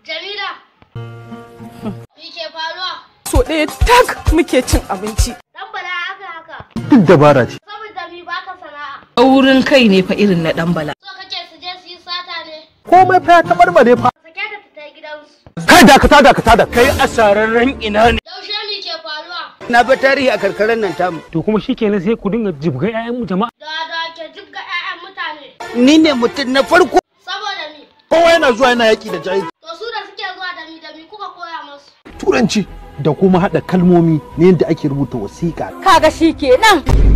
Jamila. Me ke faruwa? So ɗaya tag muke cin abinci. Dan bala haka haka. Duk dabara ce. Saboda mi baka sana'a. Aurin kai ne fa irin na dan bala. So kake su je su yi sata ne? Komai fa ya tabarbare fa. Sake ta ta gidansu. Kai dakata dakata da kai asararren ina ne. Yaushe mi ke faruwa? Na bi tarihi a karkarar nan tamu. To kuma shikenan sai ku dinga jibga 'ya'yan mu jama'a. Da da ke jibga 'ya'yan mutane. Ni ne mutum na farko. Saboda ni. Kowa yana zuwa yana yaƙi da jahilci. turanci da kuma hada kalmomi ne yadda ake rubuta wasiƙa kaga kenan.